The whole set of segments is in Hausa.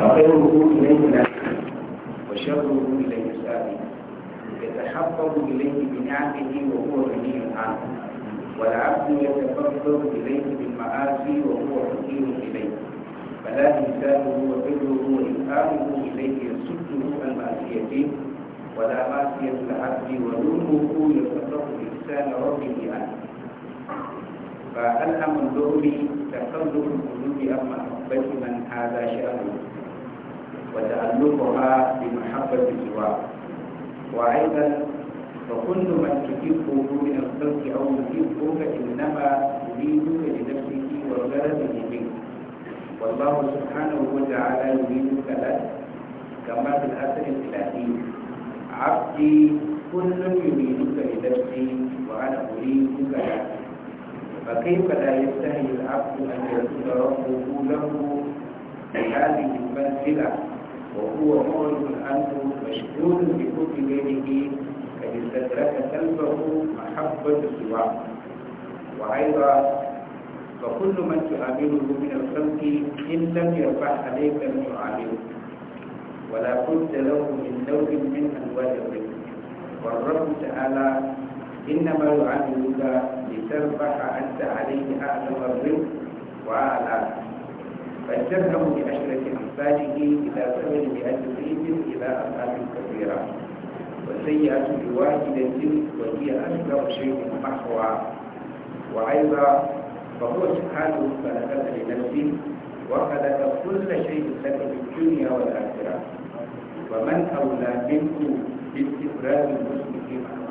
فخيره إليه نافع وشره إليه سابق يتحفظ إليه بنعمه وهو غني عنه والعبد يتفضل إليه بالمعاصي وهو حكيم إليه فلا إنسانه وبره وإنسانه إليه يسده عن معصيته ولا معصية العبد ونوره يفتح إحسان ربه عنه فألهم الظهر تقلب القلوب أما محبة من هذا شأنه وتألقها بمحبة سواه وأيضا فكل من تحبه من الخلق أو يحبه فإنما يريدك لنفسه وغرضه منك والله سبحانه وتعالى يريدك لك كما في الأثر الثلاثي عبدي كل يريدك لنفسي وأنا أريدك لك فكيف لا يستحي العبد أن يكون ربه له بهذه المنزلة وهو معرض عنه مشغول بحب غيره قد استدرك قلبه محبة سواه وأيضا فكل من تعامله من الخلق إن لم يرفع عليك لم تعامله ولا بد له من نوع من أنواع الرزق والرب تعالى إنما يعاملك لتربح أنت عليه أعظم الربح وأعلى فالدرهم بعشرة أمثاله إلى ثمن مئة ريب إلى أرقام كثيرة وسيئة بواحدة وهي أكثر شيء محوى وأيضا فهو سبحانه خلقك لنفسه وخلق كل شيء لك في الدنيا والآخرة ومن أولى منه باستفراد المسلم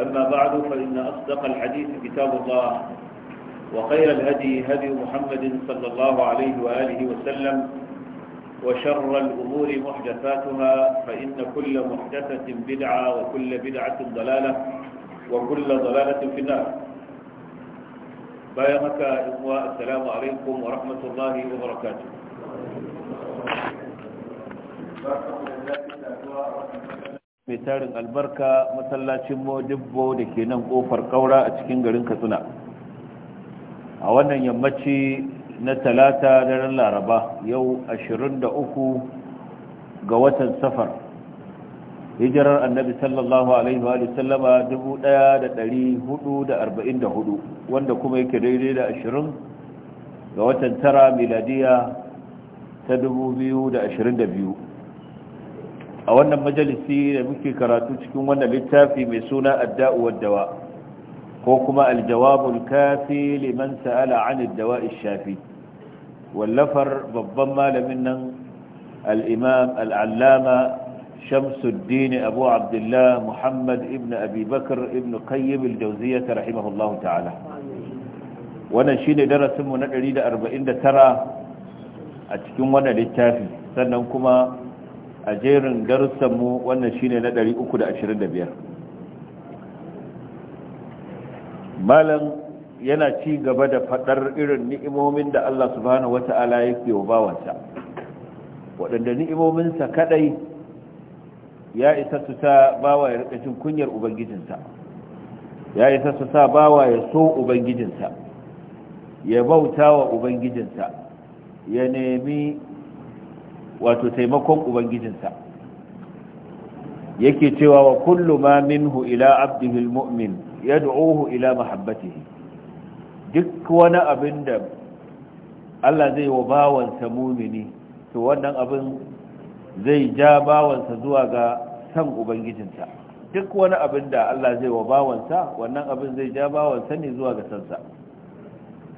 أما بعد فإن أصدق الحديث كتاب الله وخير الهدي هدي محمد صلى الله عليه وآله وسلم وشر الأمور محدثاتها فإن كل محدثة بدعة وكل بدعة ضلالة وكل ضلالة في النار إخوة السلام عليكم ورحمة الله وبركاته mai tarin albarka masallacin modibbo da ke nan kofar kaura a cikin garin katsina a wannan yammaci na talata daren laraba yau 23 ga watan safar hijirar annabi sallallahu alaihi wa sallama 1444 wanda kuma yake daidai da 20 ga watan tara miladiya ta 2022 a wannan majalisi da muke karatu cikin wannan littafi mai suna adda'u dawa ko kuma aljawabul kafi liman sa'ala an dawa shafi wallafar babban malamin nan al-imam al-allama shamsuddin abu abdullah muhammad ibn abi bakr ibn qayyim al-jawziyyah rahimahullahu ta'ala wannan shine darasin mu na 149 a cikin wannan littafi sannan kuma a jerin mu wannan shine na 325 malam yana ci gaba da fadar irin ni'imomin da Allah subhanahu wata'ala yake wa bawansa waɗanda ni'imominsa kadai ya isa su ta bawa ya rikacin kunyar ubangijinsa ya isa su sa bawa ya so ubangijinsa ya bauta wa ubangijinsa ya nemi wato taimakon ubangijinsa yake cewa wa kullu ma minhu ila abdihi almu'min yad'uhu ila mahabbatihi duk wani abin da Allah zai wa bawansa mumini to wannan abin zai ja bawansa zuwa ga san ubangijinsa duk wani abin da Allah zai wa bawansa wannan abin zai ja bawansa ne zuwa ga sansa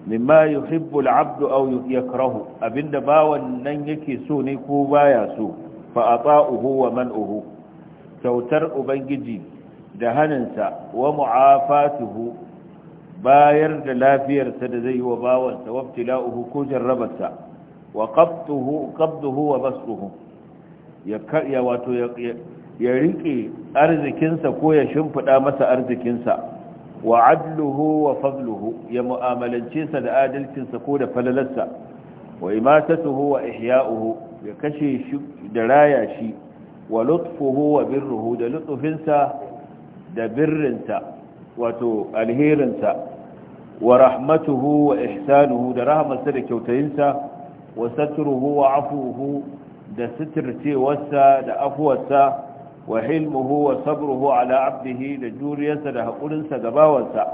mimma yuhibbu al aw yakrahu abinda bawan nan yake so ne ko baya so fa ata'uhu wa man'uhu kyautar ubangiji da haninsa wa mu'afatuhu bayar da lafiyarsa da zai yi wa bawansa wa ibtila'uhu ko jarrabarsa wa qabtuhu qabduhu wa basuhu ya ya wato ya rike arzikinsa ko ya shimfida masa arzikinsa wa adluhu wa fadluhu ya mu'amalance sa da adalcinsa ko da falalarsa wa imatatuhu wa ihya'uhu ya kashe shi da raya shi wa lutfuhu wa birruhu da sa da birrinsa wato alherinsa wa rahmatuhu wa ihsanuhu da rahmarsa da kyautayinsa wa satruhu wa afuhu da sitircewarsa da afuwarsa wa hilmuhu wa sabruhu ala abdihi da juriyarsa da haƙurinsa ga bawansa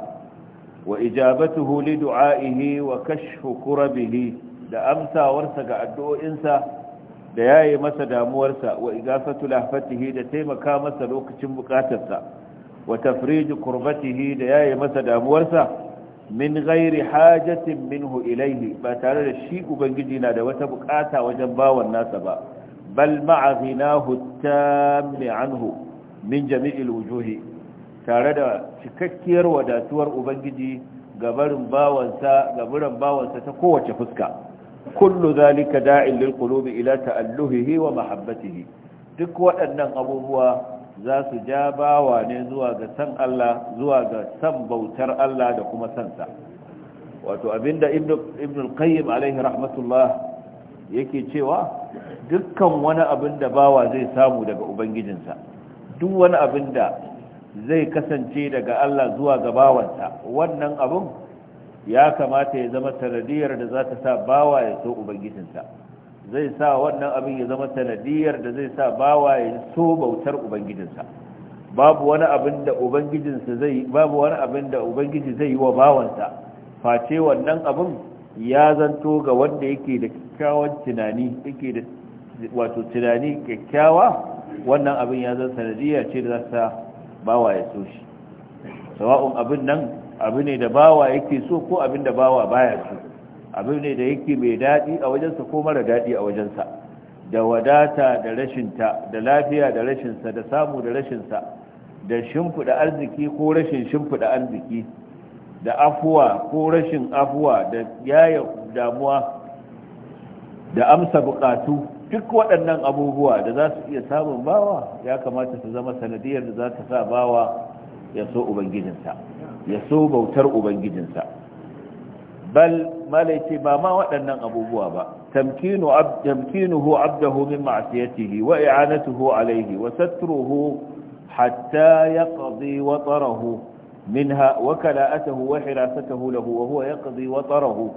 wa ijabatuhu li du'a'ihi da amsawarsa ga addu'o'insa da yaye masa damuwarsa wa igasatu lahfatihi da taimaka masa lokacin bukatarsa wa tafriju kurbatihi da yaye masa damuwarsa min ghairi hajatin minhu ilaihi ba tare da shi ubangiji na da wata bukata wajen bawan nasa ba bal ma'a ghinahu tammi anhu min jami'il wujuhi tare da cikakkiyar wadatuwar ubangiji gabarin bawansa bawansa ta kowace fuska kullu zalika da'in lil qulubi ila ta'alluhihi wa mahabbatihi duk waɗannan abubuwa za su ja bawa ne zuwa ga san Allah zuwa ga san bautar Allah da kuma sansa wato abinda ibnu ibnu al-qayyim alaihi rahmatullah yake cewa dukkan wani abin da bawa zai samu daga ubangijinsa duk wani abin da zai kasance daga Allah zuwa ga bawansa wannan abin ya kamata ya zama sanadiyar da za ta sa bawa ya so ubangijinsa zai sa wannan abin ya zama sanadiyar da zai sa bawa ya so bautar ubangijinsa babu wani abin da ubangijinsa zai babu wani abin da ubangiji zai yi wa bawansa face wannan abin ya zanto ga wanda yake da kyakkyawan tunani yake da wato tunani kyakkyawa wannan abin ya zan sanadiyya ce da za ta bawa ya so shi sawa'un abin nan abu ne da bawa yake so ko abin da bawa baya so abin ne da yake mai daɗi a wajensa ko mara daɗi a wajensa da wadata da rashinta da lafiya da rashinsa da samu da rashinsa da shimfiɗa arziki ko rashin shimfiɗa arziki da afuwa ko rashin afuwa da yaya damuwa da amsa bukatu duk waɗannan abubuwa da za su iya samun bawa ya kamata su zama sanadiyar da za ta sa bawa ya so ubangijinsa ya so bautar ubangijinsa bal malaice ba ma waɗannan abubuwa ba tamkinu tamkinuhu abdahu min ma'siyatihi wa i'anatuhu alayhi wa satruhu hatta yaqdi watarahu minha wa kala'atuhu wa hirasatuhu lahu wa huwa yaqdi watarahu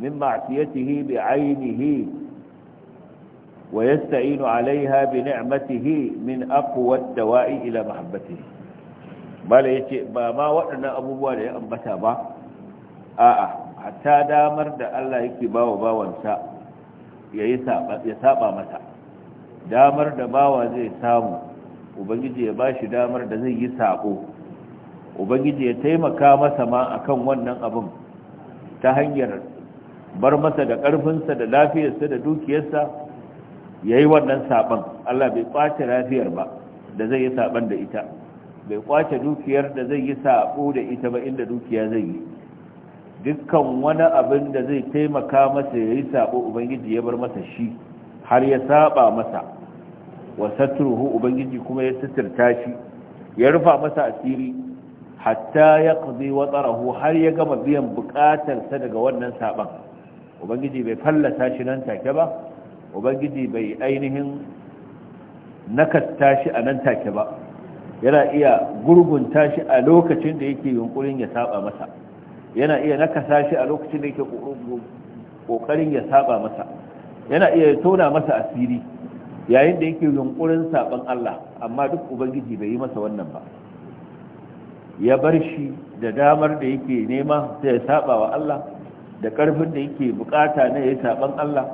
من معصيته بعينه ويستعين عليها بنعمته من أقوى الدواء إلى محبته bala ya ce ba ma waɗannan abubuwa da ya ambata ba a'a hatta damar da Allah yake ba wa bawansa ya saba mata damar da bawa zai samu ubangiji ya bashi damar da zai yi sabo ubangiji ya taimaka masa ma akan wannan abun. ta hanyar bar masa da ƙarfinsa da lafiyarsa da dukiyarsa ya yi wannan saɓon Allah bai ƙwace lafiyar ba da zai yi saɓon da ita bai ƙwace dukiyar da zai yi saɓo da ita ba inda dukiya zai yi dukkan wani abin da zai taimaka masa ya yi saɓo ubangiji ya bar masa shi har ya saɓa masa wa satruhu ubangiji kuma ya suturta shi ya rufa masa asiri hatta ya ƙazi watsarahu har ya gama biyan buƙatarsa daga wannan saɓon ubangiji bai fallata shi nan take ba ubangiji bai ainihin nakasta shi a nan take ba yana iya gurgunta shi a lokacin da yake yunkurin ya saba masa yana iya nakasa shi a lokacin da yake kokarin ya saba masa yana iya tona masa asiri yayin da yake yunkurin saban Allah amma duk ubangiji bai yi masa wannan ba ya bar shi da damar da yake nema sai ya saba wa Allah da karfin da yake bukata na yayi saban Allah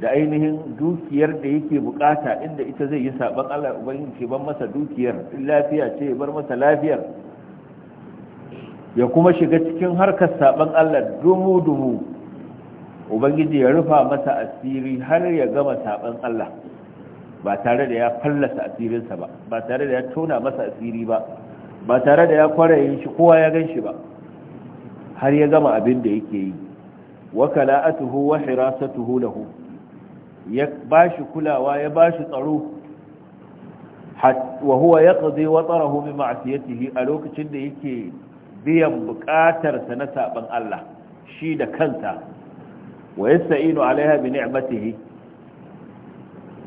da ainihin dukiyar da yake bukata inda ita zai yi saban Allah ubangiji ce ban masa dukiyar in lafiya ce bar masa lafiyar ya kuma shiga cikin harkar saban Allah dumu dumu ubangiji ya rufa masa asiri har ya gama saban Allah ba tare da ya fallasa asirinsa ba ba tare da ya tona masa asiri ba ba tare da ya kwarayin shi kowa ya gan shi ba har ya gama abin da yake yi wa kala'atuhu wa hirasatuhu lahu ya bashi kulawa ya bashi tsaro wa huwa yaqdi watarahu bi ma'siyatihi a lokacin da yake biyan bukatarsa na saban Allah shi da kanta wa yasta'inu alaiha bi ni'matihi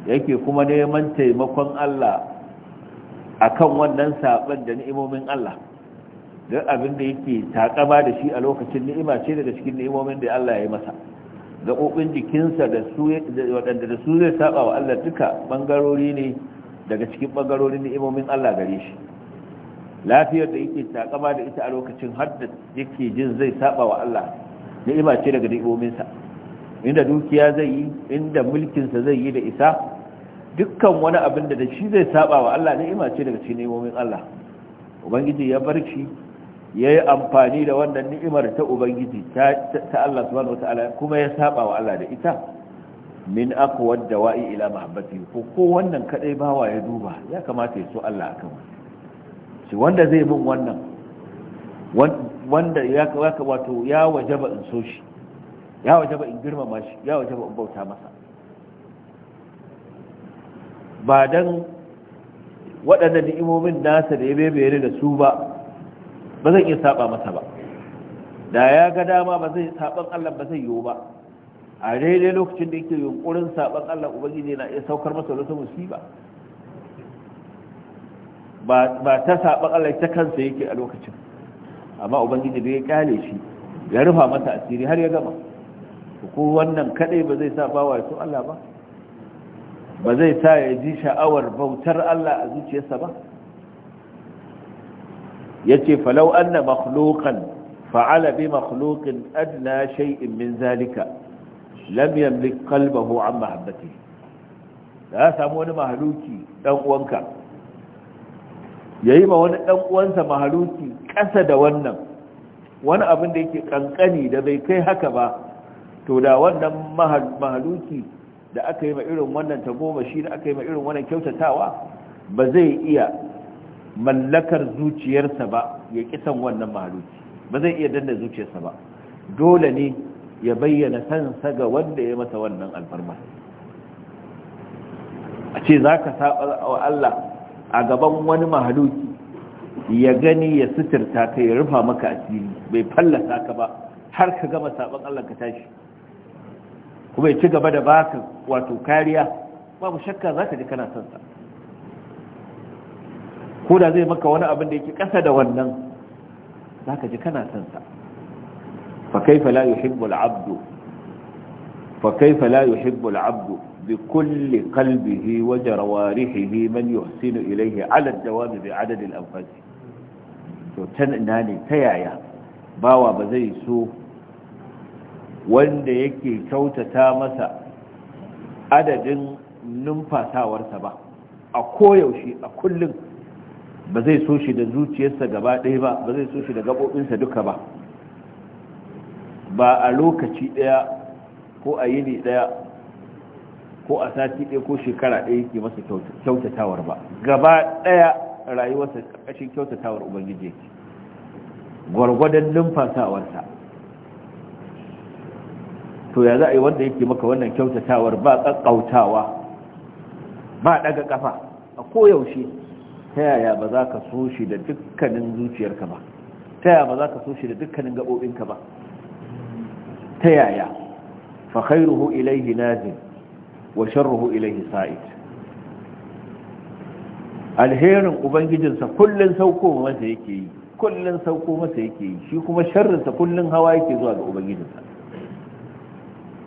yake kuma neman taimakon Allah akan wannan saban da ni'imomin Allah duk abin da yake takama da shi a lokacin ni'ima ce daga cikin ni'imomin da Allah ya yi masa ƙoƙin jikinsa da su waɗanda da su zai saba wa Allah duka ɓangarori ne daga cikin ɓangarorin ni'imomin Allah gare shi lafiyar da yake takama da ita a lokacin har da yake jin zai saba wa Allah ni'ima ce daga ni'imominsa inda dukiya zai yi inda mulkinsa zai yi da isa dukkan wani abin da da shi zai saba wa Allah ni'ima ce daga cikin ni'imomin Allah ubangiji ya bar shi ya yi amfani da wannan ni'imar ta ubangiji ta Allah subhanahu wata'ala kuma ya saba wa Allah da ita min aqwa dawa'i ila mahabbati ko ko wannan kadai bawa ya duba ya kamata ya so Allah akan shi wanda zai bin wannan wanda ya kawaka wato ya wajaba in so shi ya wajaba in girmama shi ya wajaba in bauta masa ba dan waɗannan ni'imomin nasa da ya bebe da su ba ba zan iya saba masa ba da ya ga dama ba zai saban Allah ba zai yiwu ba a daidai lokacin da yake yunkurin saban Allah ubangiji na iya saukar masa wata musiba ba ta saban Allah ta kansa yake a lokacin amma ubangiji bai ya kyale shi ya rufa masa asiri har ya gama ko wannan kadai ba zai sa bawa ya so Allah ba ba zai sa ya ji sha'awar bautar Allah a zuciyarsa ba yace falau anna makhluqan fa'ala bi makhluqin adna shay'in min zalika lam yamlik qalbahu an mahabbatihi da samu wani mahaluki dan uwanka yayi ma wani dan uwansa mahaluki kasa da wannan wani abin da yake kankani da bai kai haka ba to da wannan mahaluki da aka yi ma irin wannan shi da aka yi ma irin wannan kyautatawa ba zai iya mallakar zuciyarsa ba ya kisan wannan mahaluki ba zai iya danna zuciyarsa ba dole ne ya bayyana sansa ga wanda ya masa wannan alfarma a ce za ka saɓa wa Allah a gaban wani mahaluki ya gani ya suturta ka ya rufa maka asiri bai fallasa ka ba har ka gama saban Allah ka tashi kuma ya ci gaba da baka wato kariya babu shakka za ka ji kana sansa ko da zai maka wani abin da yake ƙasa da wannan za ka ji kana son sa fa kaifa la yuhibbu al-'abdu fa kaifa la yuhibbu al-'abdu بكل قلبه وجوارحه من يحسن إليه على الدوام بعدد الأنفاس تنعني تيايا ba zai so wanda yake kyautata masa adadin numfasawarsa ba a koyaushe a kullum ba zai so shi da zuciyarsa gaba ɗaya ba ba zai so shi da gaɓoɓinsa duka ba ba a lokaci ɗaya ko a yini ɗaya ko a sati ɗaya ko shekara ɗaya yake masa kyautatawar ba gaba ɗaya rayuwarsa ƙarƙashin kyautatawar ubangiji yake gwargwadon numfasawarsa to ya za a yi wanda yake maka wannan kyautatawar ba ƙaƙƙautawa ba ɗaga ƙafa a koyaushe ta yaya ba za ka so shi da dukkanin zuciyarka ba ta yaya ba za ka so shi da dukkanin gaɓoɓinka ba ta yaya fa khairuhu ilaihi nazil wa sharruhu ilaihi sa'id alherin ubangijinsa kullun sauko masa yake yi kullun sauko masa yake yi shi kuma sharrinsa kullun hawa yake zuwa ga ubangijinsa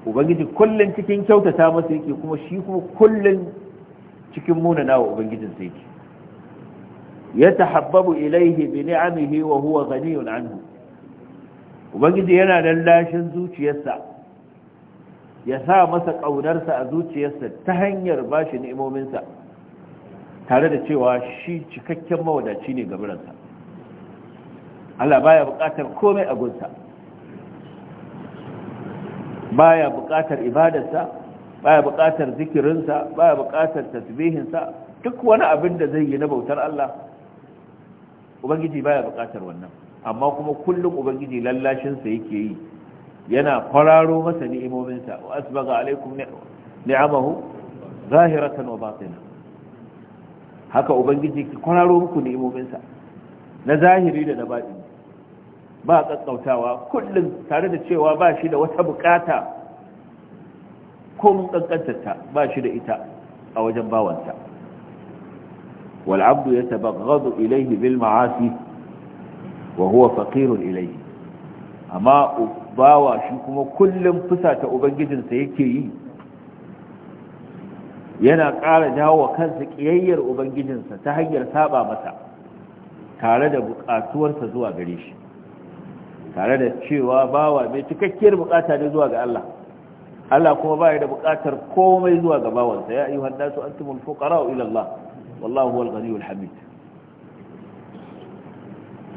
ubangiji kullun cikin kyautata masa yake kuma shi kuma kullun cikin munana wa ubangijinsa yake yatahabbabu ilayhi bi ni'amihi wa huwa ghaniyun anhu ubangiji yana lallashin zuciyarsa ya sa masa ƙaunarsa a zuciyarsa ta hanyar bashi ni'imominsa tare da cewa shi cikakken mawadaci ne gaburansa Allah baya buƙatar komai a gunsa baya buƙatar ibadarsa baya buƙatar zikirinsa baya buƙatar tasbihinsa duk wani abin da zai yi na bautar Allah ubangiji baya buƙatar wannan amma kuma kullum ubangiji lallashinsa yake yi yana kwararo masa ni'imominsa wa asbaga alaikum ni'amahu zahiratan wa batina haka ubangiji ki kwararo muku ni'imominsa na zahiri da na baɗi ba kakkautawa kullum tare da cewa ba shi da wata bukata ko mun kankantata ba shi da ita a wajen bawansa والعبد يتبغض إليه بالمعاصي وهو فقير إليه أما أباوى شكما كل فساة أبنجد سيكي ينا قال جاوى كنسك يير أبنجد ستهير سابا مسا tare da bukatuwarsa zuwa gare shi tare da cewa bawa mai cikakkiyar bukata ne zuwa ga Allah Allah kuma baya da bukatar komai zuwa ga bawansa ya ayyuhan nasu antumul fuqara ila Allah wallahu huwal ghaniyul hamid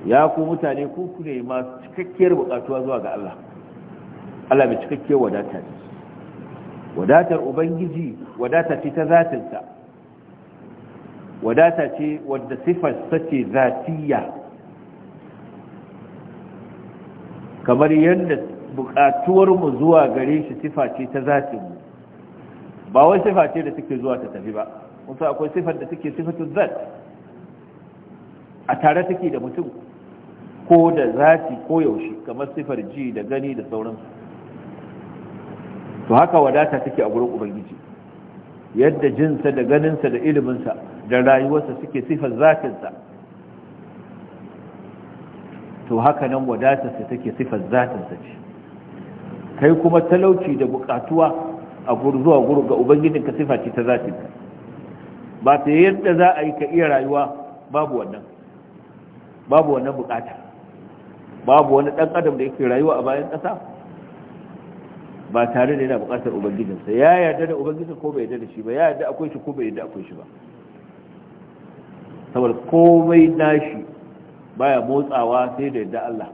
ya ku mutane ku ne masu cikakkiyar bukatuwa zuwa ga Allah Allah mai cikakkiyar wadata ne wadatar ubangiji wadata ce ta zatinsa wadata ce wadda sifarsa ce zatiya kamar yadda mu zuwa gare shi sifa ce ta zatinmu ba wai sifa ce da take zuwa ta tafi ba sa akwai sifar da take sifatun zat a tare take da mutum ko da zati ko yaushe kamar sifar ji da gani da sauransu to haka wadata take a gurin ubangiji yadda jinsa da ganinsa da iliminsa da rayuwarsa suke sifar zatinsa to haka nan wadatarsa take sifar zatinsa ce kai kuma talauci da bukatuwa a zuwa gurin ga ubangijinka sifa ce ta zatinka ba ta yadda za a yi ka iya rayuwa babu wannan babu wannan bukata babu wani dan adam da yake rayuwa a bayan ƙasa ba tare da yana bukatar ubangijinsa ya yarda da ubangijinsa ko bai yarda da shi ba ya yarda akwai shi ko bai yarda akwai shi ba saboda komai nashi baya motsawa sai da yadda Allah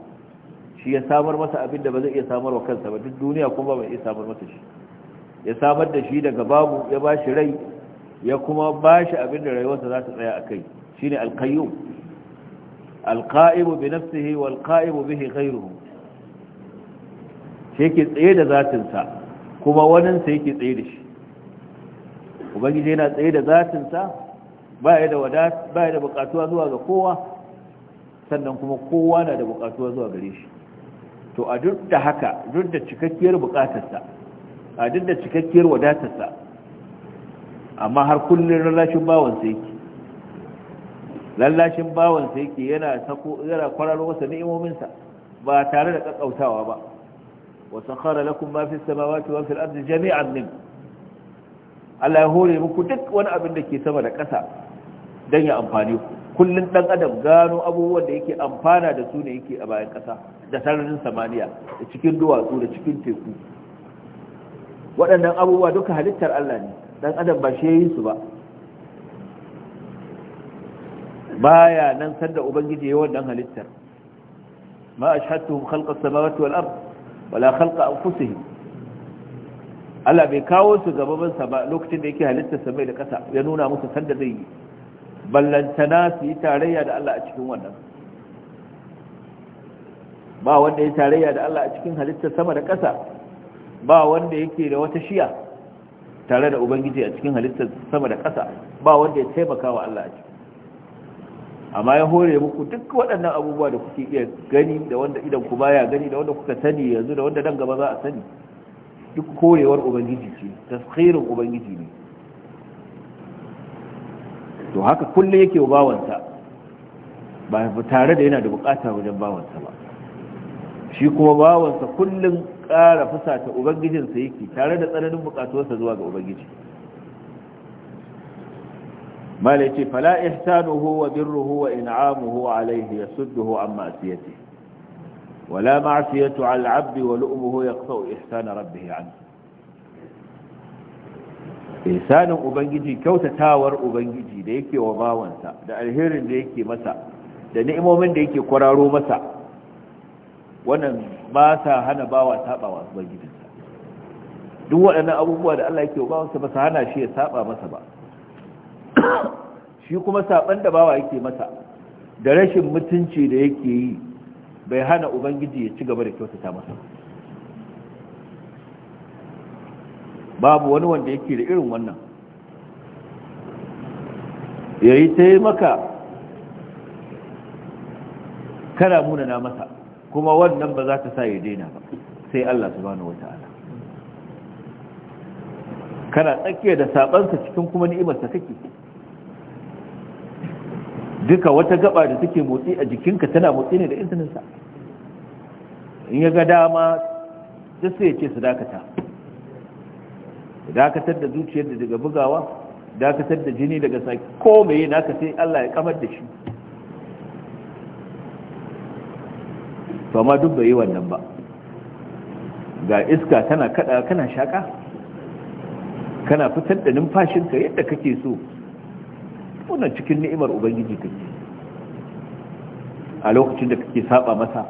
shi ya samar masa abin da ba zai iya samar wa kansa ba duk duniya kuma ba iya samar masa shi ya samar da shi daga babu ya ba shi rai ya kuma ba abin da rayuwarsa za ta tsaya a kai. Shi ne al alka'ibu bi nafsihi walka'ibu bihi ghayruhu shi yake tsaye da zatinsa kuma waninsa yake tsaye da shi ubangiji yana tsaye da zatinsa ba ya da ba ya da bukatuwa zuwa ga kowa sannan kuma kowa na da bukatuwa zuwa gare shi to a duk da haka duk da cikakkiyar bukatarsa a duk da cikakkiyar wadatarsa amma har kullum lallashin bawon sai ke lallashin bawon sai ke yana sako yana kwararo masa ni'imomin ba tare da kakkautawa ba wa kara lakun ma fi ce wa fil jami'an nin Allah ya hore muku duk wani abin da ke sama da ƙasa don ya amfani ku dan adam gano abubuwan da yake amfana da su ne yake a bayan ƙasa da sararin samaniya da cikin duwatsu da cikin teku waɗannan abubuwa duka halittar Allah ne dan adam ba shi yayin su ba baya nan sanda ubangiji yayin wannan halittar ma ashhadtuhum khalqa samawati wal ard wala khalqa anfusihim Allah bai kawo su gaban sa ba lokacin da yake halittar samai da kasa ya nuna musu sanda zai yi ballantana su yi tarayya da Allah a cikin wannan ba wanda ya tarayya da Allah a cikin halittar sama da ƙasa ba wanda yake da wata shiya tare da ubangiji a cikin halittar sama da ƙasa ba wanda ya taimaka wa Allah a ciki amma ya hore muku duk waɗannan abubuwa da kuke iya gani da wanda idan ku baya gani da wanda kuka sani yanzu da wanda dan gaba za a sani duk korewar ubangiji ce taskhirin ubangiji ne to haka kullum yake wa bawansa ba tare da yana da bukata wajen bawansa ba shi kuma bawansa kullum kara fusata ubangijin sa yake tare da tsananin bukatuwarsa zuwa ga ubangiji mala ce fala ihsanuhu wa birruhu wa in'amuhu alayhi yasudduhu an ma'siyatihi wala ma'siyatu al-'abd wa lu'muhu yaqta'u ihsan rabbih anhu ihsanu ubangiji kyautatawar ubangiji da yake wa bawansa da alherin da yake masa da ni'imomin da yake kwararo masa wannan ba sa hana bawa sabawa gidansa duk waɗannan abubuwa da Allah yake wa wasu ba sa hana shi ya saba masa ba shi kuma saban da bawa yake masa da rashin mutunci da yake yi bai hana ubangiji ya ci gaba da kyautata masa babu wani wanda yake da irin wannan yayi ta maka kana munana masa kuma wannan ba za ta sa ya daina ba sai Allah subhanahu wata'ala kana tsakiya da sabansa cikin kuma ni'imarsa kake duka wata gaba da take motsi a jikinka tana motsi ne da izininsa in ya ga dama duk sai ya ce su dakata dakatar da zuciyar da daga bugawa dakatar da jini daga saki ko mai naka sai Allah ya kamar da shi to amma duk bai yi wannan ba ga iska tana kada kana shaka kana fitar da ka yadda kake so wannan cikin ni'imar ubangiji kake a lokacin da kake saba masa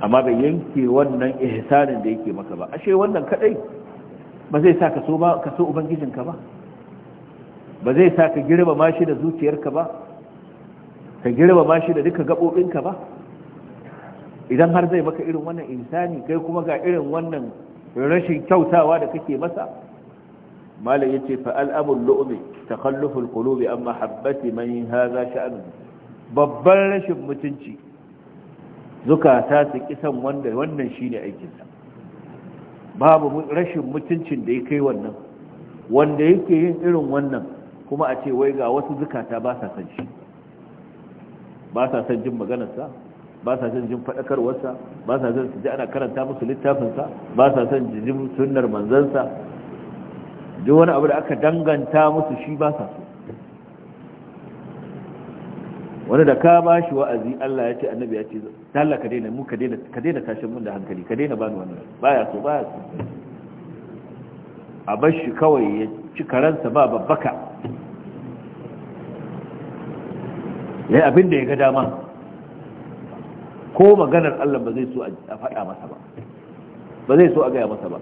amma bai yanke wannan ihsanin da yake maka ba ashe wannan kadai ba zai sa ka so ba ka so ubangijinka ba ba zai sa ka girba mashi da zuciyarka ba ka girba mashi da duka gabobinka ba idan har zai maka irin wannan insani kai kuma ga irin wannan rashin kyautawa da kake masa malam yace fa al'amul ta takhalluful qulubi amma habbati man hadha sha'nu babban rashin mutunci zukata su kisan wanda wannan shine aikinsa babu rashin mutuncin da ya kai wannan wanda yake yin irin wannan kuma a ce wai ga wasu zukata ba sa san shi ba sa san jin maganarsa ba sa son jin faɗakarwarsa ba sa son su ji ana karanta musu littafinsa ba sa son jin sunnar manzansa duk wani abu da aka danganta musu shi ba sa so wani da ka ba shi wa'azi Allah ya ce annabi ya ce Allah ka daina mu ka daina ka daina tashin mun da hankali ka daina bani wannan baya so baya so a bar shi kawai ya ci karansa ba babbaka yayi abin da ya ga dama ko maganar Allah ba zai so a faɗa masa ba ba zai so a gaya masa ba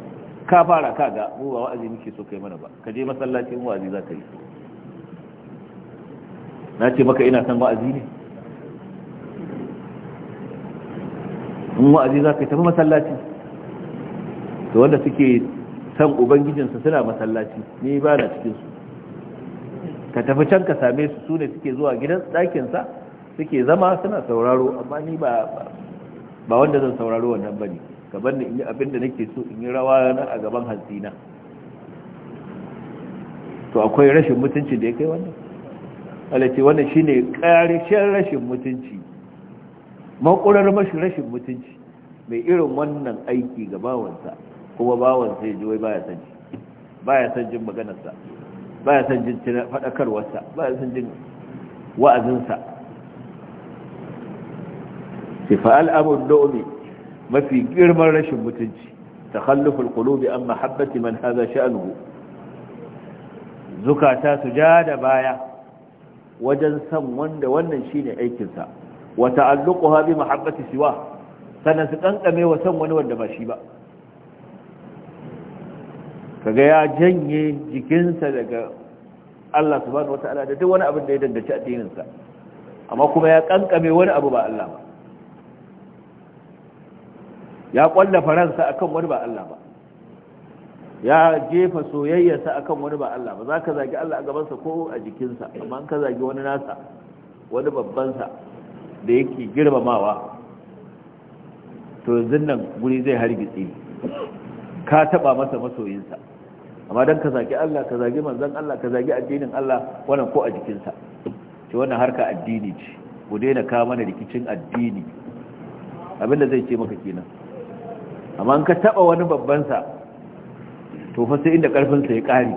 ka fara ka ga mu ba wa'azi muke so kai mana ba ka je masallaci mu wa'azi za ka yi na ce maka ina san wa'azi ne in wa'azi za ka tafi masallaci to wanda suke san ubangijinsa suna masallaci ni ba na cikinsu ka tafi can ka same su su ne suke zuwa gidan ɗakinsa suke zama suna sauraro amma ni ba ba wanda zan sauraro wannan bane gaban ni in yi abin da nake so in yi rawa na a gaban hanzina to akwai rashin mutunci da ya kai wannan alace wannan shine karshen rashin mutunci makurar mashi rashin mutunci mai irin wannan aiki ga bawansa kuma bawansa ya ji wai baya san ji baya san jin maganarsa baya san jin faɗakarwarsa baya san jin wa'azinsa ce al'amun amur domi mafi girman rashin mutunci ta hallufin kulubi an mahabbati man haza sha'anuhu zukata su ja da baya wajen san wanda wannan shi ne aikinsa wata alluku habi mahabbati siwa sannan su ƙanƙame wa san wani wanda ba shi ba kaga ya janye jikinsa daga Allah subhanahu wata'ala da duk wani abin da ya a addininsa amma kuma ya kankame wani abu ba Allah ba ya kwalla faransa akan wani ba Allah ba ya jefa soyayyarsa akan wani ba Allah ba za ka zagi Allah a gabansa ko a jikinsa amma ka zagi wani nasa wani babbansa da yake girmamawa to yanzu nan guri zai hargitsi ka taba masa masoyinsa amma don ka zagi Allah ka zagi manzan Allah ka zagi addinin Allah wannan ko a jikinsa ce wannan harka addini ce ku daina kawo mana rikicin addini abinda zai ce maka kenan amma ka taba wani babbansa to fa sai inda karfinsa ya kare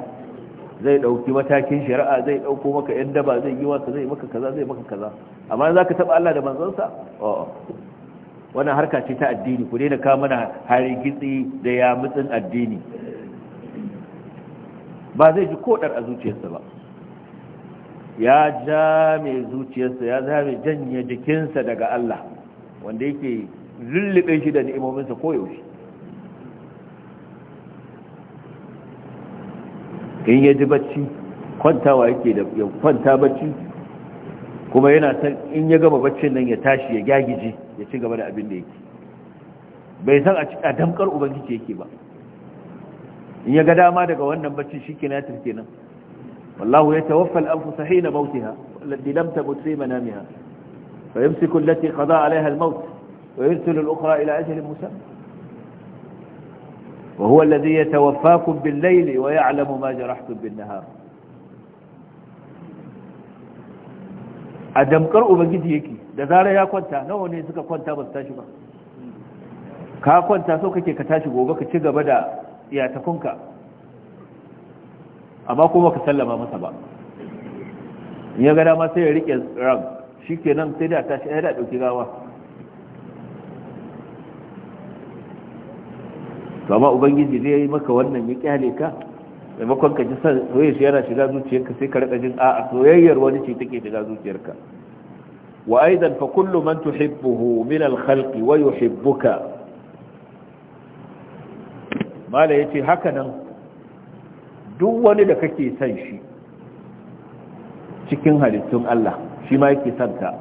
zai dauki matakin shari'a zai dauko maka yan daba zai yi wasa zai maka kaza zai maka kaza amma za ka taba Allah da manzonsa oh wannan harka ce ta addini ku daina kawo mana hari gitsi da ya mutsin addini ba zai ji kodar a zuciyarsa ba ya ja mai zuciyarsa ya zame janye jikinsa daga Allah wanda yake lullube shi da ni'imominsa koyaushe in ya ji bacci kwantawa yake da ya kwanta bacci kuma yana san in ya gama baccin nan ya tashi ya gyagije ya ci gaba da abin da yake bai san a damkar ubangiji yake ba in ya ga dama daga wannan baccin shi ke na tafi nan Wallahu ya sahi na الأنفس حين موتها والتي sai تمت في منامها فيمسك التي قضى عليها الموت ويرسل الأخرى إلى أجل مسمى وهو الذي يتوفاكم بالليل ويعلم ما جرحتم بالنهار a kar ubangiji yake da zara ya kwanta nawa ne suka kwanta ba su tashi ba ka kwanta so kake ka tashi gobe ka ci gaba da iyatakunka amma kuma ka sallama masa ba ya ga dama sai ya rike ram shikenan sai da tashi ya da dauki gawa to amma ubangiji zai yi maka wannan ya kyale ka maimakon ka ji san soyayya yana shiga zuciyarka sai ka rika jin a'a soyayyar wani ce take shiga zuciyarka wa aidan fa kullu man tuhibbuhu min al-khalqi wa yuhibbuka mala yace haka nan duk wani da kake son shi cikin halittun Allah shi ma yake son ka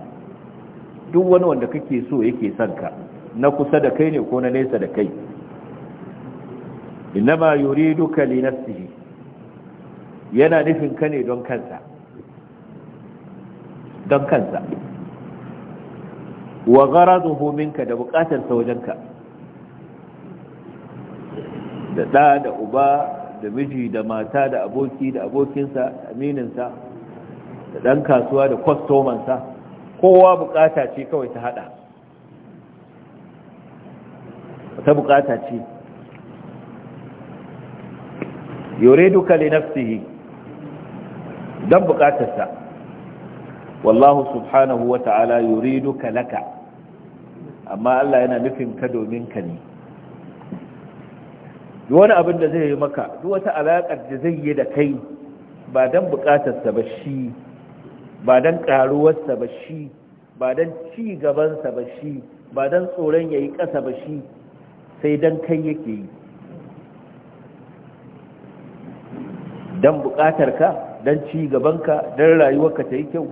duk wani wanda kake so yake san ka na kusa da kai ne ko na nesa da kai innama yuriduka li nafsihi yana nufin ka ne don kansa don kansa wa gharaduhu minka da bukatar sa ka. da da da uba da miji da mata da aboki da abokinsa amininsa da dan kasuwa da kwastomansa kowa bukata ce kawai ta hada ta bukata ce duka li nafsihi dan bukatarsa wallahu subhanahu wa ta'ala duka laka amma Allah yana nufin ka domin ka ne wani abin da zai yi maka duk wata alaƙar da zai yi da kai ba don buƙatarsa ba shi ba don ƙaruwarsa ba shi ba don ci gabansa ba shi ba don tsoron ya yi ƙasa ba shi sai don kai yake yi don ka don ci ka don rayuwarka ta yi kyau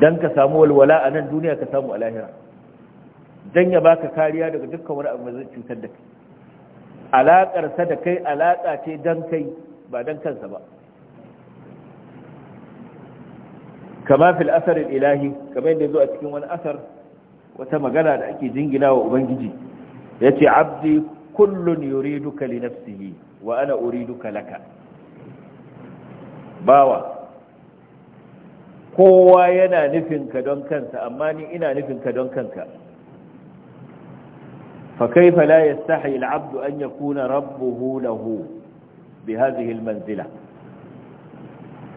don ka samu walwala a nan duniya ka samu alahira don ya baka kariya daga dukkan wani abu zai cutar da kai sa da kai alaƙa ce don kai ba don kansa ba kama fil asarin ilahi kamar yadda zo a cikin wani asar wata magana da ake jingina wa ubangiji yace abdi kullun yuriduka li nafsihi wa ana uriduka laka bawa kowa yana nufin ka don kansa amma ni ina nufin ka don kanka fa kaifa la yastahi al-'abdu an yakuna rabbuhu lahu bi hadhihi al-manzila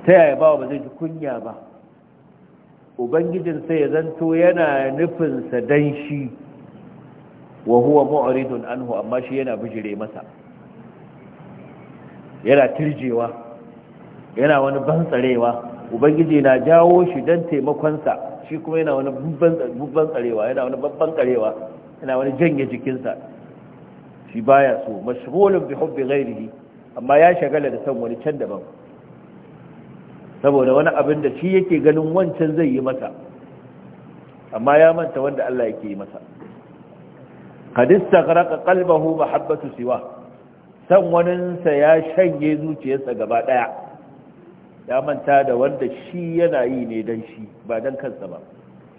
ta yaya bawa ba zai ji kunya ba ubangijinsa ya zanto yana nufinsa dan shi wa huwa mu'ridun anhu amma shi yana bijire masa yana tirjewa yana wani bantsarewa ubangiji na jawo shi dan taimakonsa shi kuma yana wani babban tsarewa yana wani babban karewa yana wani janye jikinsa shi baya so mashghulun bi hubbi ghairihi amma ya shagala da son wani can daban saboda wani abin da shi yake ganin wancan zai yi masa amma ya manta wanda Allah yake yi masa hadista garaka ba mahabbatu siwa san waninsa ya shanye zuciyarsa gaba daya ya manta da wanda shi yana yi ne don shi ba don kansa ba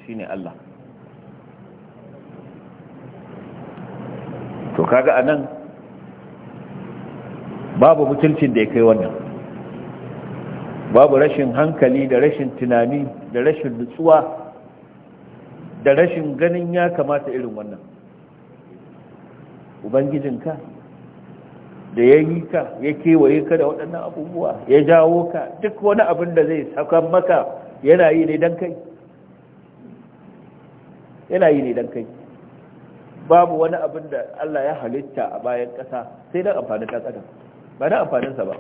shi ne Allah to kaga a nan babu mutuncin da ya kai wannan babu rashin hankali da rashin tunani da rashin nutsuwa da rashin ganin ya kamata irin wannan ubangijinka da ya yi ka ya kewaye ka da waɗannan abubuwa ya jawo ka duk wani abin da zai sakan maka yana yi ne don kai yana yi ne don kai babu wani abin da Allah ya halitta a bayan ƙasa sai don amfani ta tsada. ba na amfaninsa ba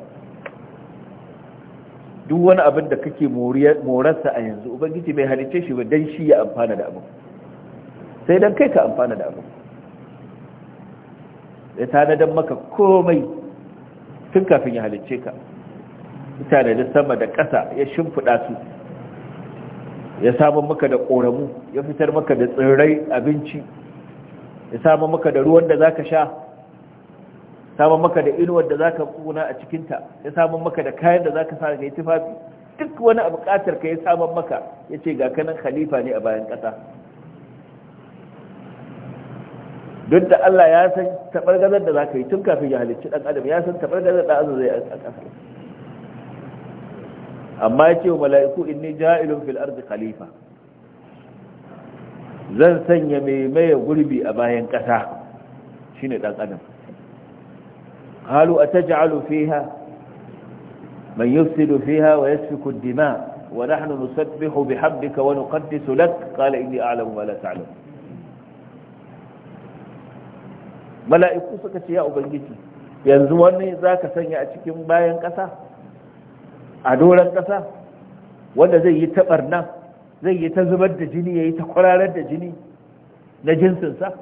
duk wani abin da kake morarsa a yanzu ubangiji mai halitta shi ba don shi ya amfana da abu sai don kai ka amfana da abu ya tanadan maka komai tun kafin ya halicce ka mutane da sama da ƙasa ya shimfiɗa su ya samu maka da ƙoramu ya fitar maka da tsirrai abinci ya samu maka da ruwan da za ka sha samun maka da inuwar da za ka kuna a cikinta ya samun maka da kayan da za ka sa ka yi tufafi duk wani a buƙatar ka ya samun maka ya ce ga kanan khalifa ne a bayan ƙasa duk da Allah ya san tabar gazar da zaka yi tun kafin ya halicci dan adam ya san tabar gazar da azza zai a kasa amma ya wa mala'iku inni ja'ilun fil ardi khalifa zan sanya mai mai gurbi a bayan kasa shine dan adam qalu ataj'alu fiha man yufsidu fiha wa yasfiku ad-dima wa nahnu nusabbihu bihamdika wa nuqaddisu lak qala inni a'lamu ma la ta'lamu mala'iku suka ce ya ubangiji yanzu wani za ka sanya a cikin bayan ƙasa a doron ƙasa wanda zai yi taɓar nan, zai yi ta zubar da jini ya yi ta kwararar da jini na jinsinsa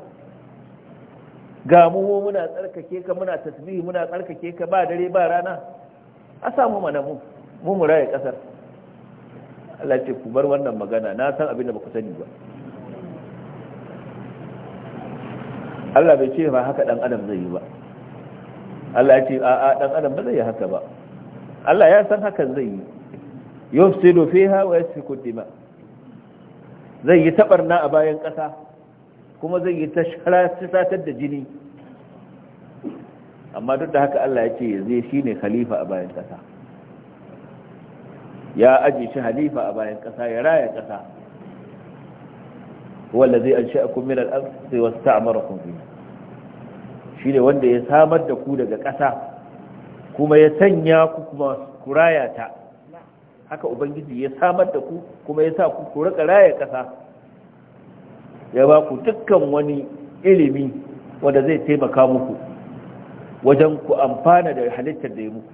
ga mu muna tsarkake ka muna tasbihi muna tsarkake ka ba dare ba rana a samu mana mu mu mu raye ƙasar Allah ce ku bar wannan magana na san abin da ba ku sani ba Allah bai ce ma haka dan adam zai yi ba Allah ya ce a a dan adam ba zai yi haka ba Allah ya san hakan zai yi yufsidu fiha wa yasfiku dima zai yi tabarna a bayan kasa kuma zai yi tasharatar da jini amma duk da haka Allah ya ce zai shine khalifa a bayan kasa ya aje shi halifa a bayan kasa ya raya kasa huwa allazi ansha'akum min al-ardi wasta'marakum fiha shine wanda ya samar da ku daga ƙasa kuma ya sanya ku kuma kuraya ta haka ubangiji ya samar da ku kuma ya sa ku ku raka raya ƙasa ya ba ku dukkan wani ilimi wanda zai taimaka muku wajen ku amfana da halittar da ya muku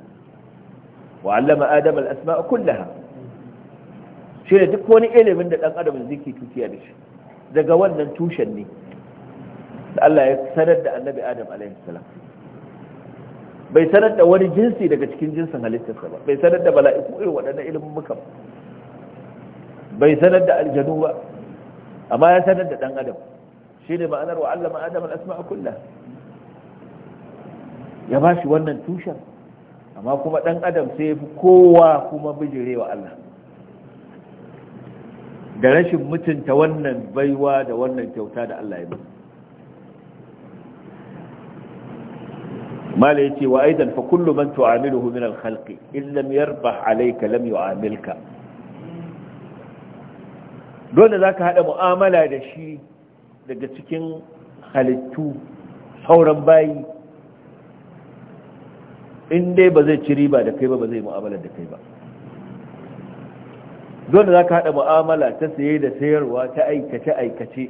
wa allama adam al-asma'a kullaha shine duk wani ilimin da dan adam zai tukiya da shi daga wannan tushen ne da Allah ya sanar da annabi adam alaihissalam bai sanar da wani jinsi daga cikin jinsin halittarsa ba bai sanar da bala'iku irin waɗannan ilimin muka bai sanar da aljanu ba amma ya sanar da ɗan adam shi ne ma'anar wa'allama adam al'asma'a kulla ya ba shi wannan tushen amma kuma ɗan adam sai ya fi kowa kuma bijirewa Allah da rashin mutunta wannan baiwa da wannan kyauta da Allah ya yi mala ce wa aidan fa kullu man tu'amiluhu min al-khalqi illa lam yarbah alayka lam yu'amilka dole zaka hada mu'amala da shi daga cikin halittu sauran bayi in dai ba zai ci riba da kai ba ba zai mu'amala da kai ba dole za ka haɗa mu'amala ta saye da sayarwa ta aikace-aikace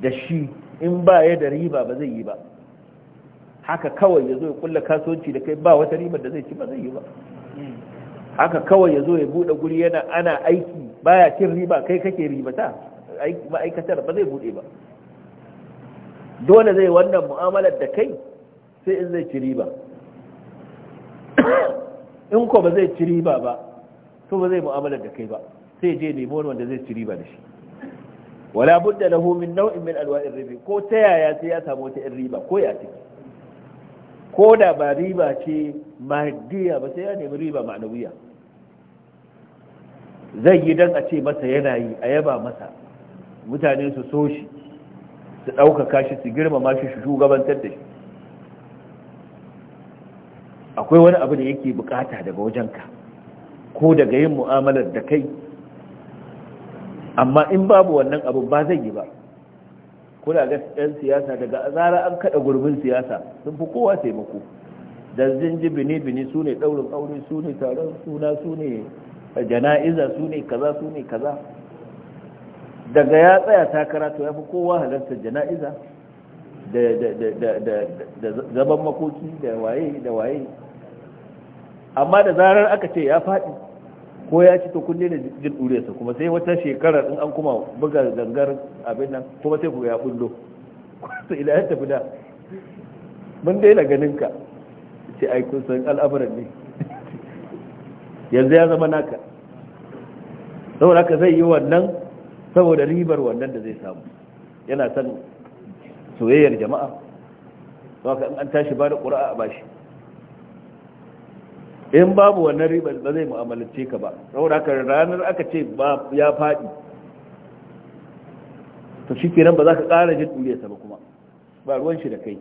da shi in ba ya da riba ba zai yi ba haka kawai ya zo ya kulla kasuwanci da kai ba wata ribar da zai ci ba zai yi ba haka kawai ya zo ya buɗe guri yana ana aiki Ba ya cin riba kai kake ribata ma'aikatar ba zai buɗe ba dole zai wannan mu'amalar da kai sai in zai ci riba in ko ba zai ci riba ba so ba zai mu'amalar da kai ba sai je nemo wani wanda zai ci riba da shi wala budda lahu min naw'in min alwa'ir riba ko ta yaya sai ya samu wata riba ko ya take ko da ba riba ce maddiya ba sai ya nemi riba ma'anawiya zai yi dan a ce masa yana yi a yaba masa mutane su so shi su ɗaukaka shi su girmama shi su shugabantar da shi akwai wani abu da yake bukata daga wajenka ko daga yin mu'amalar da kai amma in babu wannan abu ba zai yi ba kuna ga ɗan siyasa daga zara an kaɗa gurbin siyasa sun fi kowa taimako dan jinji bini-bini su ne ɗaurin aure su ne taron suna su ne jana'iza su ne kaza su ne kaza daga ya tsaya takara to ya fi kowa halarta jana'iza da zaban makoki da waye da waye amma da zarar aka ce ya faɗi ko ya ci to kunne da jin ɗuriyarsa kuma sai wata shekara in an kuma buga gangar abin nan kuma sai ku ya bullo su ila ya tafi da mun daina ganin ka ce ai kun san al'amuran ne yanzu ya zama naka saboda haka zai yi wannan saboda ribar wannan da zai samu yana son soyayyar jama'a saboda an tashi ba da ƙura'a a bashi in babu wannan riba ba zai mu'amalance ka ba saboda ranar aka ce ba ya faɗi to shi kenan ba za ka ƙara jin ɗuriyarsa ba kuma ba ruwan shi da kai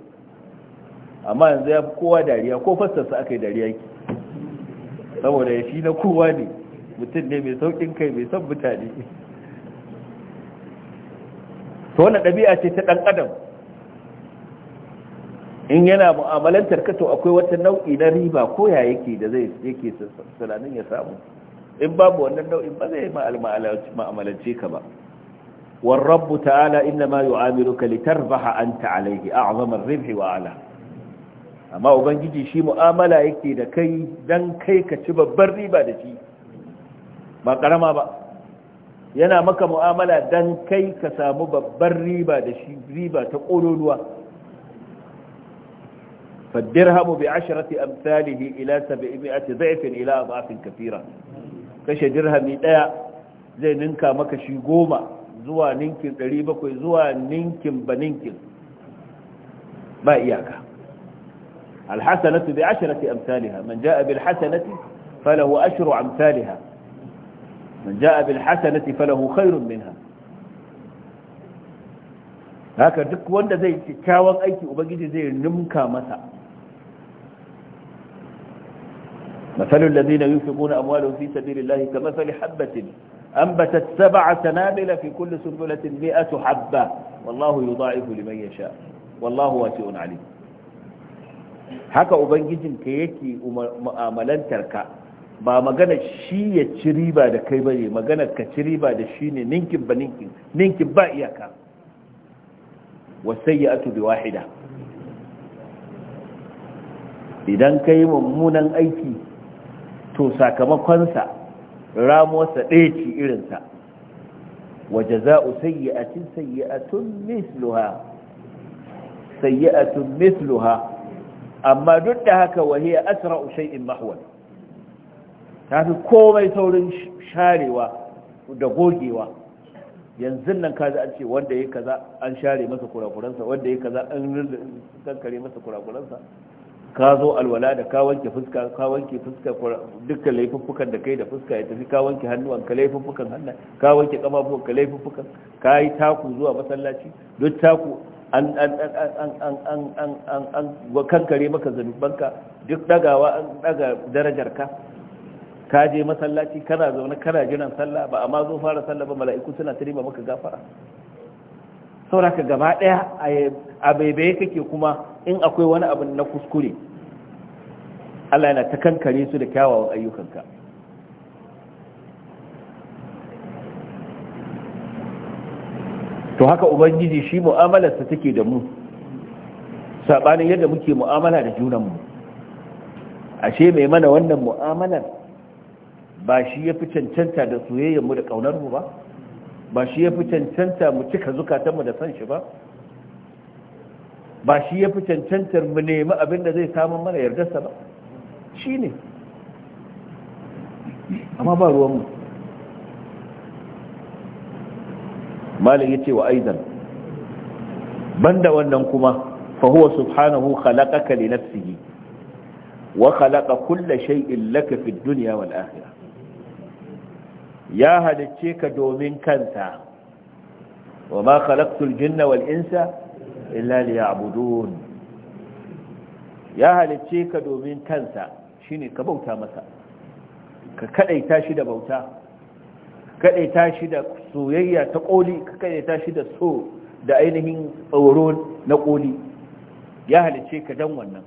amma yanzu ya fi kowa dariya ko fassarsa aka yi dariya ki saboda ya shi na kowa ne mutum ne mai sauƙin kai mai son mutane to wannan ɗabi'a ce ta ɗan adam in yana mu'amalantar ka to akwai wata nau'i na riba ko ya yake da zai yake tsananin ya samu in babu wannan nau'in ba zai ma'amalance ka ba war rabbu ta'ala inna ma yu'amiruka litarbaha anta alayhi a'zama ar-ribhi wa ala amma ubangiji shi mu'amala yake da kai dan kai ka ci babbar riba da shi ba karama ba yana maka mu'amala dan kai ka samu babbar riba da shi riba ta kololuwa فالدرهم بعشرة أمثاله إلى سبعمائة ضعف إلى أضعاف كثيرة كش درهم داء زي ننكا مكشي قومة زوا ننكم قريبك وزوا ننكم بننكم ما إياك الحسنة بعشرة أمثالها من جاء بالحسنة فله أشر أمثالها من جاء بالحسنة فله خير منها haka duk wanda zai kyakkyawan aiki ubangiji zai numka masa masalul ladina yunfiquna amwalahum fi ka sabilillahi kamathali habatin anbatat sab'a sanabila fi kulli sunbulatin mi'atu habba wallahu yudha'ifu mai yasha wallahu wace wasi'un alim haka ubangijin ka yake mu'amalantar ka ba magana shi ya ci riba da kai bane magana ka ci riba da shi ne ninkin ba ninkin ninkin ba iyaka wasayyi'atu bi wahida idan kai mummunan aiki to sakamakonsa ramuwarsa ɗaya ce irinsa waje jaza'u sayyi'atin sayyi'atun misluha misluha amma duk da haka wahiya asra'u shay'in mahwan tafi komai saurin sharewa da gogewa yanzu nan kaji an ce wanda ya kaza an share masa kurakuransa wanda ya kaza an kankare masa kurakuransa ka zo alwala da ka wanke fuska ka wanke fuska dukkan laifuffukan da kai da fuska ya tafi ka wanke hannuwan ka laifuffukan hannun ka wanke kafafuwan ka laifuffukan ka yi taku zuwa masallaci duk taku an an an an an an an an an kankare maka zanubanka duk dagawa an daga ka. ka je masallaci kana zaune kana jiran sallah ba amma zo fara sallah ba mala'iku suna tariba maka gafara sauraka gaba daya a baibaye kake kuma in akwai wani abu na kuskure Allah yana ta kankare su da kyawawan ayyukanka to haka ubangiji shi mu'amalarsa take da mu sabanin yadda muke mu'amala da junanmu ashe mai mana wannan mu'amalar ba shi ya fi cancanta da soyayyarmu da ƙaunarmu ba ba shi ya fi cancanta mu cika zukatanmu da san shi ba ba shi ya fi cancantar mu nemi abin da zai samun mana yardarsa ba shi ne amma ba ruwanmu malin ya ce wa aizan banda wannan kuma fahuwa subhanahu khalaqaka li nafsihi wa khalaqa kulla shay'in laka fid dunya wal akhirah ya halicce ka domin kanta wa ma khalaqtul jinna wal insa illa liya'budun ya halicce ka domin kansa shine ka bauta masa ka kadaita shi da bauta ka kadaita shi da soyayya ta koli ka kadaita shi da so da ainihin tsoro na koli ya halicce ka dan wannan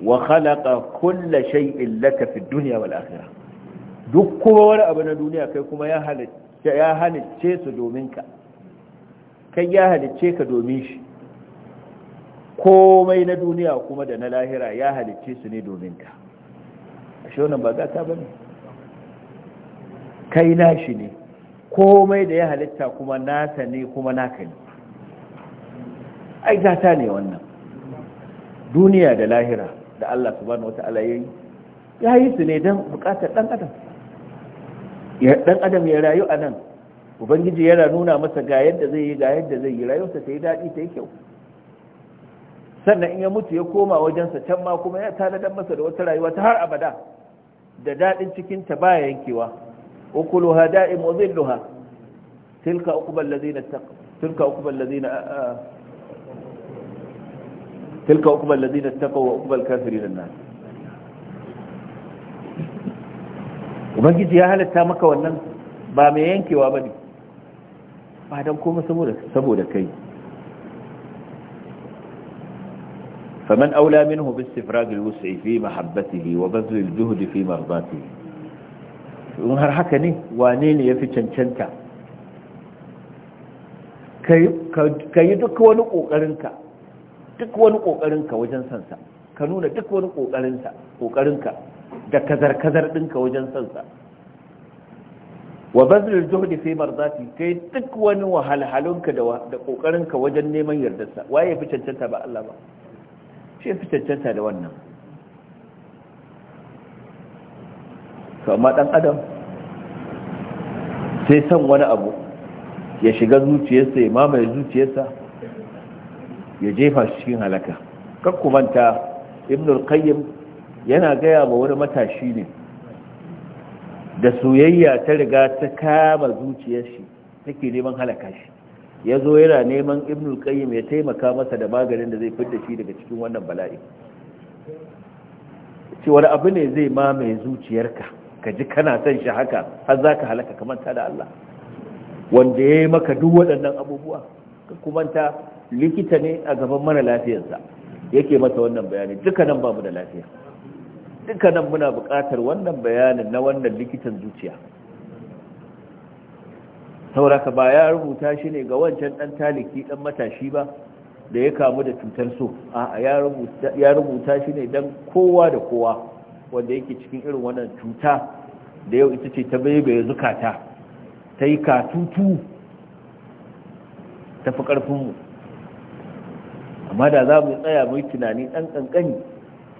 wa khalaqa kulla shay'in laka fid dunya wal akhirah duk kuma wani abu na duniya kai kuma ya halice su domin ka kai ya halicce ka domin shi komai na duniya kuma da na lahira ya halice su ne domin ka a shi wannan ba gata ba ne kai nashi ne komai da ya halitta kuma nasa ne kuma naka ne ai gata ne wannan duniya da lahira da Allah subhanahu wata'ala ya yi ya yi su ne don bukatar ɗan adam dan adam ya rayu a nan ubangiji yana nuna masa ga yadda zai yi ga yadda zai yi rayuwarsa ta yi daɗi ta yi kyau sannan in ya mutu ya koma wajensa can ma kuma ya tanadar masa da wata rayuwa ta har abada da daɗin cikinta ba yankewa ukuluha da'im wa zilluha tilka uqbal ladina tilka uqbal ladina tilka uqbal ladina taqaw wa uqbal kafirin an ubangiji ya halatta maka wannan ba mai yankewa ba ne ba don kuma saboda kai faman aula minhu bis sifragil wus'i fi mahabbatihi wa bazlil juhd fi marzatihi har haka ne wane ne yafi cancanta ka yi duk wani kokarinka duk wani ka nuna duk wani da kazar-kazar ɗinka wajen sansa wa bazlul juhdi fi marzati kai duk wani wahalhalunka da da wajen neman yardarsa waye fi cancanta ba Allah ba shi fi cancanta da wannan to amma dan adam sai san wani abu ya shiga zuciyarsa ya mamaye zuciyarsa ya jefa shi cikin halaka kakkumanta ibnul qayyim yana gaya ma wani matashi ne da soyayya ta riga ta kama zuciyar shi take neman halaka shi ya zo yana neman ibnul qayyim ya taimaka masa da maganin da zai fidda shi daga cikin wannan bala'i ce wani abu ne zai mamaye zuciyarka ka ji kana son shi haka har za ka halaka kamar ta da Allah wanda ya yi maka duk waɗannan abubuwa ka kumanta likita ne a gaban mara lafiyarsa yake masa wannan bayani dukkanin babu da lafiya duka nan muna buƙatar wannan bayanin na wannan likitan zuciya sauraka ba ya rubuta shi ne ga wancan ɗan taliki ɗan matashi ba da ya kamu da cutar so a ya rubuta shi ne don kowa da kowa wanda yake cikin irin wannan cuta da yau ita ce ta baibaye zukata ta yi katutu ta fi ƙarfinmu amma da za mu tsaya mai tunani ɗan ƙanƙani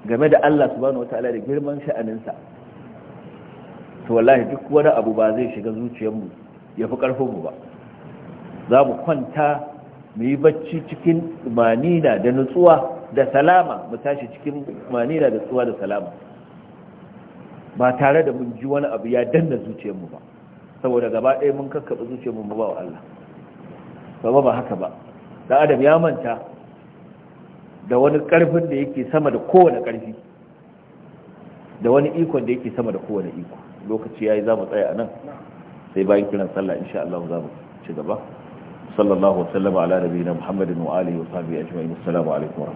game da Allah subhanahu wataala da girman sha'aninsa to wallahi duk wani abu ba zai shiga zuciyarmu ya fi mu ba za mu kwanta mu yi bacci cikin manina da nutsuwa da salama mu tashi cikin manina da nutsuwa da salama ba tare da mun ji wani abu ya danna zuciyarmu ba saboda gaba ɗaya mun kakkaɓe zuciyarmu mu ba wa Allah ba ba haka ba Da adam ya manta da wani ƙarfin da yake sama da kowane ƙarfi da wani ikon da yake sama da kowane iko lokaci yayi za mu tsaya a nan sai bayan kiran sallah insha Allah za mu ci gaba sallallahu alaihi wa sallam ala nabiyina muhammadin wa alihi wa sahbihi ajma'in assalamu alaikum